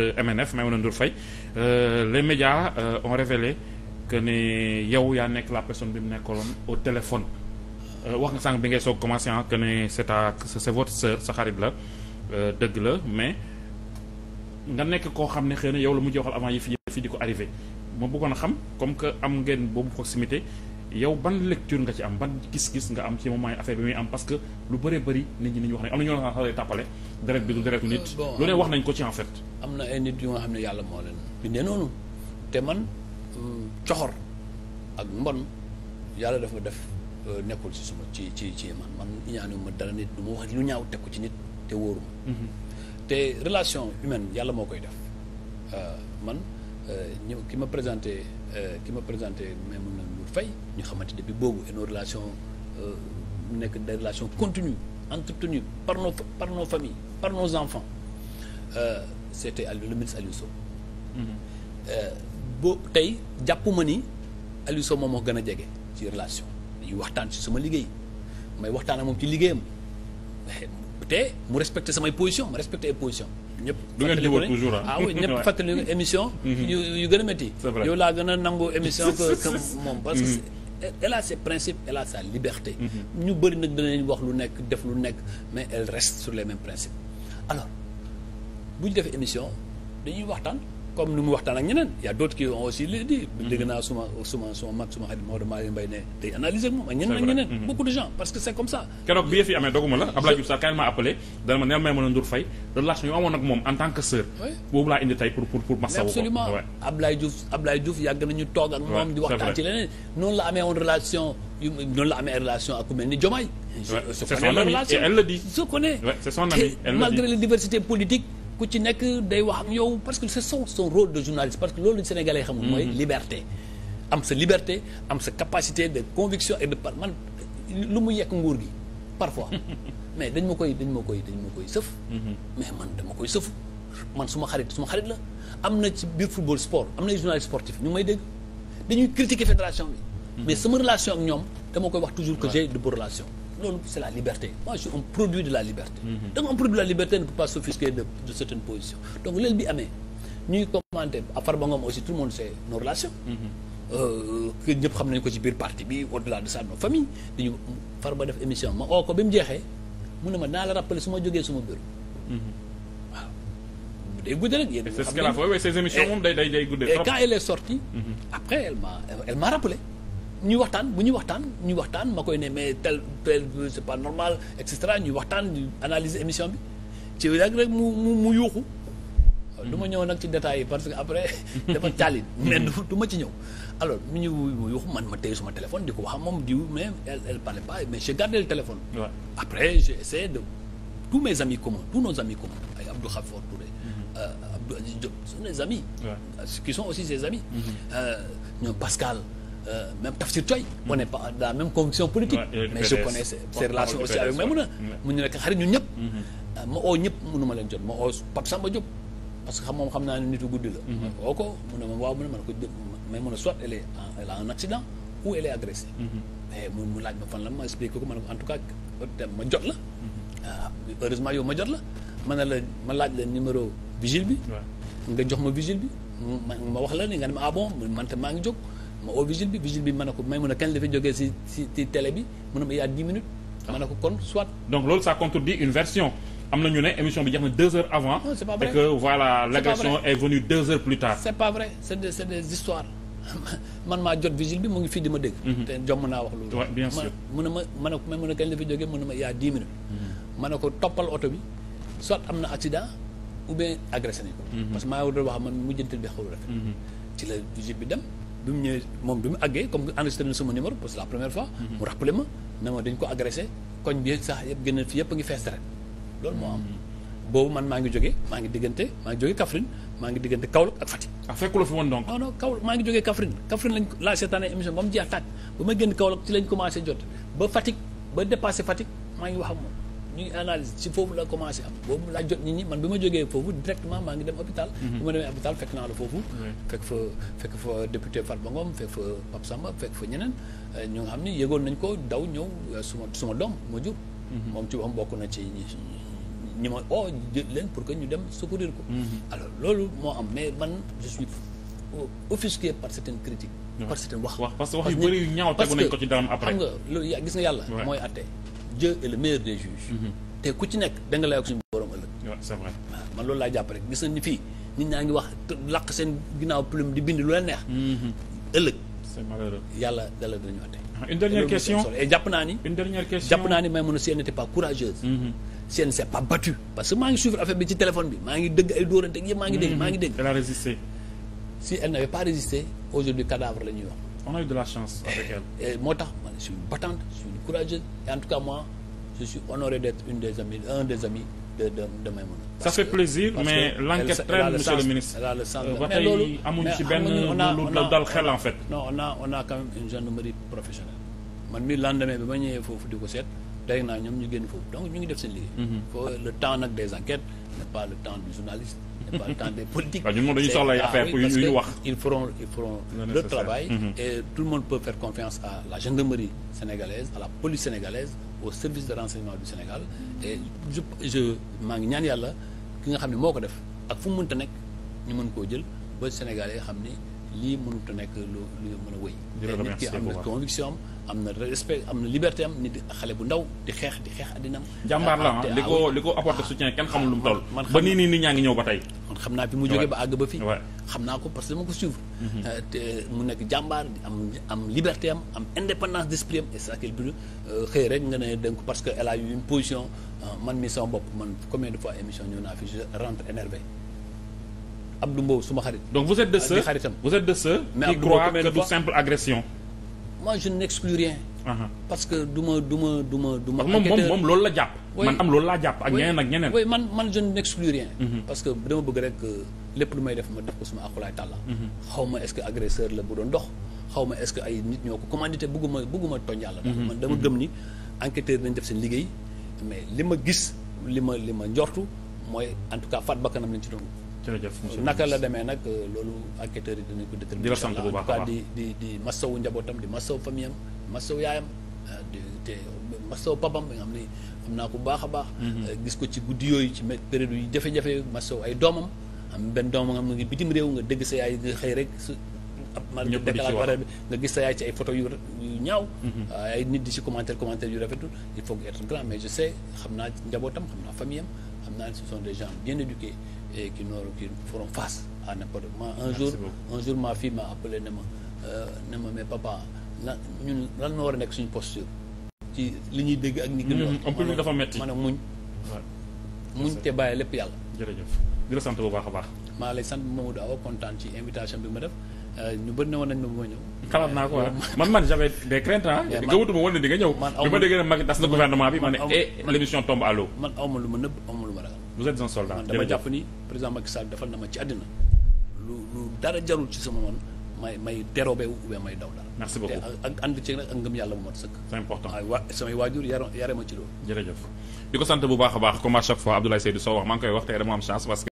Euh, MNF Maïmouna Ndour Faye euh, les médias euh, révélé que ne yow yaa nekk la personne bi mu nekkaloon au téléphone euh, wax nga sànq bi ngay soog commencé ah que ne c'est ta c'est votre sœur sa xarit la dëgg la mais nga nekk koo xam ne xëy na yow la mujjee waxal avant yi fi fi di ko arrivé ma bëggoon a xam comme que am ngeen boobu proximité yow ban lecture nga ci am ban gis-gis nga am ci moment affaire bi muy am parce que lu bëree bëri nit ñi nañu wax ne am na ñoo xam ne tàppale deret bi nit euh, lu wax nañ ko ci en fait am na ay nit yu nga xam ne yàlla moo leen bindee noonu te man euh, coxor ak mbon yàlla dafa def euh, nekkul si suma ci ci ci man man ñaanu ma dara nit du ma wax lu ñaaw teg ko ci nit te wóoruma mhm. te relation humaine yàlla moo koy def man Euh, ñëw ki ma présenté euh, ki ma présenté Maimouna lu Faye ñu xamante depuis boobu et nos relations mu euh, nekk des relations continues entretenues par nos par nos familles par nos enfants c'était Aliou le ministre Aliou Sow mm-hmm. boo tey jàppuma ni Aliou Sow moom moo gën a jege ci relation yu waxtaan ci suma liggéey may waxtaan ak moom ci liggéeyam te mu respecté samay position ma respecté ay position ñëpp du ngeen jubóo toujours ah oui ñëpp fàttali émission mhm. yu yu gën a métti yow laa gën a nangu émission que que moom parce que mhm. elle a ses principes elle a sa liberté mhm. ñu bëri nag danañ wax lu nekk def lu nekk mais elle reste sur les mêmes principes alors bu ñu defee émission dañuy waxtaan comme ni mu waxtaan ak ñeneen y' a d' autres aussi li di. dégg naa suma suma suma suma xarit Maodo Malick Mbaye ne day analyser ak moom ñeneen mhm. beaucoup de gens parce que c' est comme ça. keroog bi yëf yi doguma la Abdoulaye Diouf Sarr quand ma appelé dana ma neel may mën a Ndour yu amoon ak moom en tant que sœur. boobu laa indi tey pour pour ko. absolument Abdoulaye Diouf Abdoulaye Diouf yàgg toog ak moom. di waxtaan ci leneen noonu la amee woon relation. noonu la amee relation ak ni Diomaye. c' elle bu ci nekk day wax am yow parce que c'est son son rôle de journaliste parce que loolu lañu sénégalais xamul mooy mm-hmm. liberté am sa liberté am sa capacité de conviction et de par man lu mu yekk nguur gi parfois mais dañ ma koy dañ ma koy dañ ma koy sëf mm-hmm. mais man dama koy sëfu man ma xarit suma xarit la am na ci biir football sport am na journaliste sportif ñu may dégg dañuy critiquer fédération bi mm-hmm. mais sama relation ak ñoom dama koy wax toujours que j'ai de bonnes loolu c'est la liberté moi je suis un produit de la liberté donc un produit de la liberté ne peut pas s'offusquer de, de certaines positions donc léegi bi amee ñuy commenter à Farba Ngom aussi tout le monde sait nos relations mm-hmm. euh, que ñëpp xam nañu ko ci biir parti bi au delà de ça nos famille dañu Farba def émission ma oo ko bi mu jeexee mu ne ma naa la su ma jógee suma bureau mm-hmm. waaw day gudde rek yéen c'est ce qu'elle a moom day day day gudde quand elle est sortie mm-hmm. ñuy waxtaan bu ñuy waxtaan ñuy waxtaan ma koy ne mais tel tel c'est pas normal et ñuy waxtaan ñu analyser émission bi ci rek rek mu mu mu yuuxu. du ma ñëw nag ci détails yi parce que après. dafa caalin mais du ma ci ñëw. alors mu ñu mu yuuxu man ma téye suma téléphone di ko wax moom diw mais elle elle parlait pas mais j'ai gardé le téléphone. Ouais. après j'ai essayé de tous mes amis communs tous nos amis communs ay Abdou Khafor Touré. Mm-hmm. Euh, Abdou Aziz Diop sont des amis. Ouais. qui sont aussi ses amis. Mm-hmm. Euh, ñoom euh, euh, même Tafsir Coy hmm. on n'est pas dans la même conviction politique ouais, mais je connais ces mu nekk xarit ñun ñëpp hmm. euh, ma oo ñëpp mënu ma leen jot ma oo Pape Samba Diop parce que xam moom xam naa ni nitu guddi la hmm. oo ko mu ne ma waaw mu ne a ma la ma expliqué ko ma ne ah, ma jot la ma jot la ma laaj la numéro vigile bi nga jox ma vigile bi ma wax la ni nga ne ma ah bon man te maa ngi jóg ma oo vigile bi bi ma ko may mun a kañ la fi jógee si ko kon soit. loolu ça contredit une version na ñu ne émission bi jeex na avant. non c'est pas vrai et que voilà l'agression est venue man maa jot vigile bi mu ngi fii di ma dégg. Mhm. te jomm naa wax loolu. bien sûr ma ma ma ne ko ma ne kañ la fi jógee mu ne ma yaa dix minutes. Mhm. ma ne ko toppal oto bi soit am na accident ou bien agressé nañ ko. Mhm. parce que maa ngi doon wax man mujjantal bi xawul rafet. ci la vigile bi dem. bi mu ñëwee moom bi mu àggee comme que enregistré na sama numéro parce que la première fois. Mhm. mu rappelé ma ne dañ ko agressé koñ bi sax yëpp gën a yëpp a ngi fees deret loolu moo am. Mhm. boobu man maa ngi jóge maa ngi diggante maa ngi jóge Kaffrine maa ngi diggante Kaolack ak Fatick. ah fekk la fi woon donc. non non Kaolack maa ngi jóge Kaffrine Kaffrine lañ laa seetaane émission ba mu jeex tàkk ba ma génn Kaolack ci lañ commencé jot ba Fatick ba dépassé Fatick maa ngi wax ak ñu ngi analyse ci foofu la commencé am boobu laa jot nit ñi man bi ma jógee foofu directement maa ngi dem hôpital mhm. bi ma demee hôpital fekk naa la foofu fekk fa fekk fa député Fatba fekk fa ñeneen euh, ñu nga xam ni yëgoon nañ ko daw ñëw euh, suma suma doom ma jur mhm. moom ci waxam bokk na ci ñi ma oo oh, jël leen pour que ñu dem secourir ko mhm. alors loolu moo am mais man je suis offusqué par certaines critiques par certaines wax parce que wax yu bëri yu ñaaw tegu nañ ko ci daram après Dieu est le meilleur des juges. Mhm. te ku ci nekk danga nga lay wax suñu borom ëllëg. waaw man loolu laa jàpp rek gis nañ ni fii nit ñaa ngi wax làq seen ginnaaw plume di bind lu la neex. Mhm. ëllëg. c'est malheureux yàlla dala dañu atte. Ah, une dernière question et jàpp naa ni. une ni may mun a si elle n'était pas courageuse. Mhm. si elle ne s'est pas battue. parce que maa ngi suivre affaire bi ci téléphone bi maa ngi dëgg ay dóorante ak yëpp maa ngi dégg maa ngi dégg. elle a résisté. si pas résisté aujourd'hui cadavre la ñuy wax. on a eu de la chance avec elle. moo tax man suis battante suis une courageuse en tout cas moi je suis honoré d'être une des amies un des amis de de de Maïmouna. ça fait plaisir mais l'enquête traîne monsieur le ministre. elle a le sens euh, ba benn lu dal xel en fait. non on a on a quand même une gendarmerie professionnelle man mii lendemain bi ma ñëwee foofu di ko seet tey naa ñoom ñu génn foofu donc ñu ngi def seen liggéey. Mhm. faut le temps nag des pas le temps des politiques. waaw ñun moom dañuy soxla ay affaires yu ñu mm-hmm. et tout le monde peut faire confiance à la gendarmerie sénégalaise à la police sénégalaise au service de renseignement du Sénégal et je je maa ngi ñaan yàlla ki nga xam ne moo ko def ak fu mu ta nekk ñu mën koo jël ba Sénégalais xam ni. lii mënut a nekk lu lu mën a wëy nit ki am na conviction am am na respect am liberté am nit xale bu ndaw di xeex di xeex addinam jàmbaar la li ko li ko apporté soutien kenn xamul lu mu toll ba nii nii nit ñaa ngi ñëw ba tey man xam naa fi mu jógee ba àgg ba fii xam naa ko parce que dama ko suivre mhm. euh, te mu jàmbaar am am liberté am am am et ça quel but euh, xëy rek nga ne danga ko que elle a eu une position euh, man mi sama bopp man combien de fois émission ñëw naa fi rentre énervé Abdou Mbow suma xarit. donc vous êtes de ceux xaritam vous êtes de ceux. qui croient que du simple agression. moi je n'exclus rien. Ah ah. parce que du ma du ma du ma du ma. moom moom loolu la jàpp. man tam loolu laa jàpp ak ñeneen ak ñeneen. oui man man je n'exclus rien. Mhm. parce que dama bëgg rek euh, lépp lu may def ma def ko suma akulaay tàlla. Mhm. xaw ma est-ce que agresseur la bu doon dox. xaw ma est-ce que ay nit ñoo ko commandité bëgguma bëgguma tooñ yàlla. Mhm. man dama gëm ni enquêteur nañ def seen liggéey mais li ma gis li ma li ma njortu mooy en tout cas faat bakkanam lañ ci doon. naka la demee nag euh, loolu enquêteurs yi dinañ ko déterminer en tout cas di di di masawu njabootam di masawu famille am masawu yaayam euh, di te masawu papam bi nga xam ne xam naa ko bu baax a baax mhm. euh, gis ko ci guddi yooyu ci période yu jafe-jafe masawu ay doomam am benn doom nga xam ne ngi bitim réew nga dégg sa yaay nga xëy rek su ma déclaré bi nga gis sa yaay ci ay photo yu ñaaw mhm. ay nit di ci commentaire commentaire yu rafetul il faut être grand mais je sais xam naa njabootam xam naa famille am xam naa ne ce sont des gens bien éduqués et qui n'auront qui feront face à n'importe moi un jour un jour ma fille m'a appelé ne ma mais papa lan ñun lan moo war a nekk suñu posture ci li ñuy dégg ak ñi gën a dafa metti ma ne muñ muñ te bàyyi lépp yàlla jërëjëf di la sant bu baax a baax maa lay sant Mamadou Awa kontaan ci invitation bi ma def ñu bëri ne woon nañ ma ma ñëw. xalaat naa ko man man j'avais des craintes ah. gëwutuma woon ne di nga ñëw. man aw ma bi ma déggee ne Macky tas na gouvernement bi ma ne eh l'émission tombe à l'eau. lu ma nëbb aw ma lu ma ragal. vous êtes defal na ma ci àddina lu lu dara jarul ci sama man may may dérobé wu may daw dara. merci beaucoup ak ànd ak ngëm yàlla bu mot sëkk. samay waajur yar ci loolu. di ko sant bu baax a baax comme à chaque fois Abdoulaye Seydou Sow wax maa koy wax dama am chance parce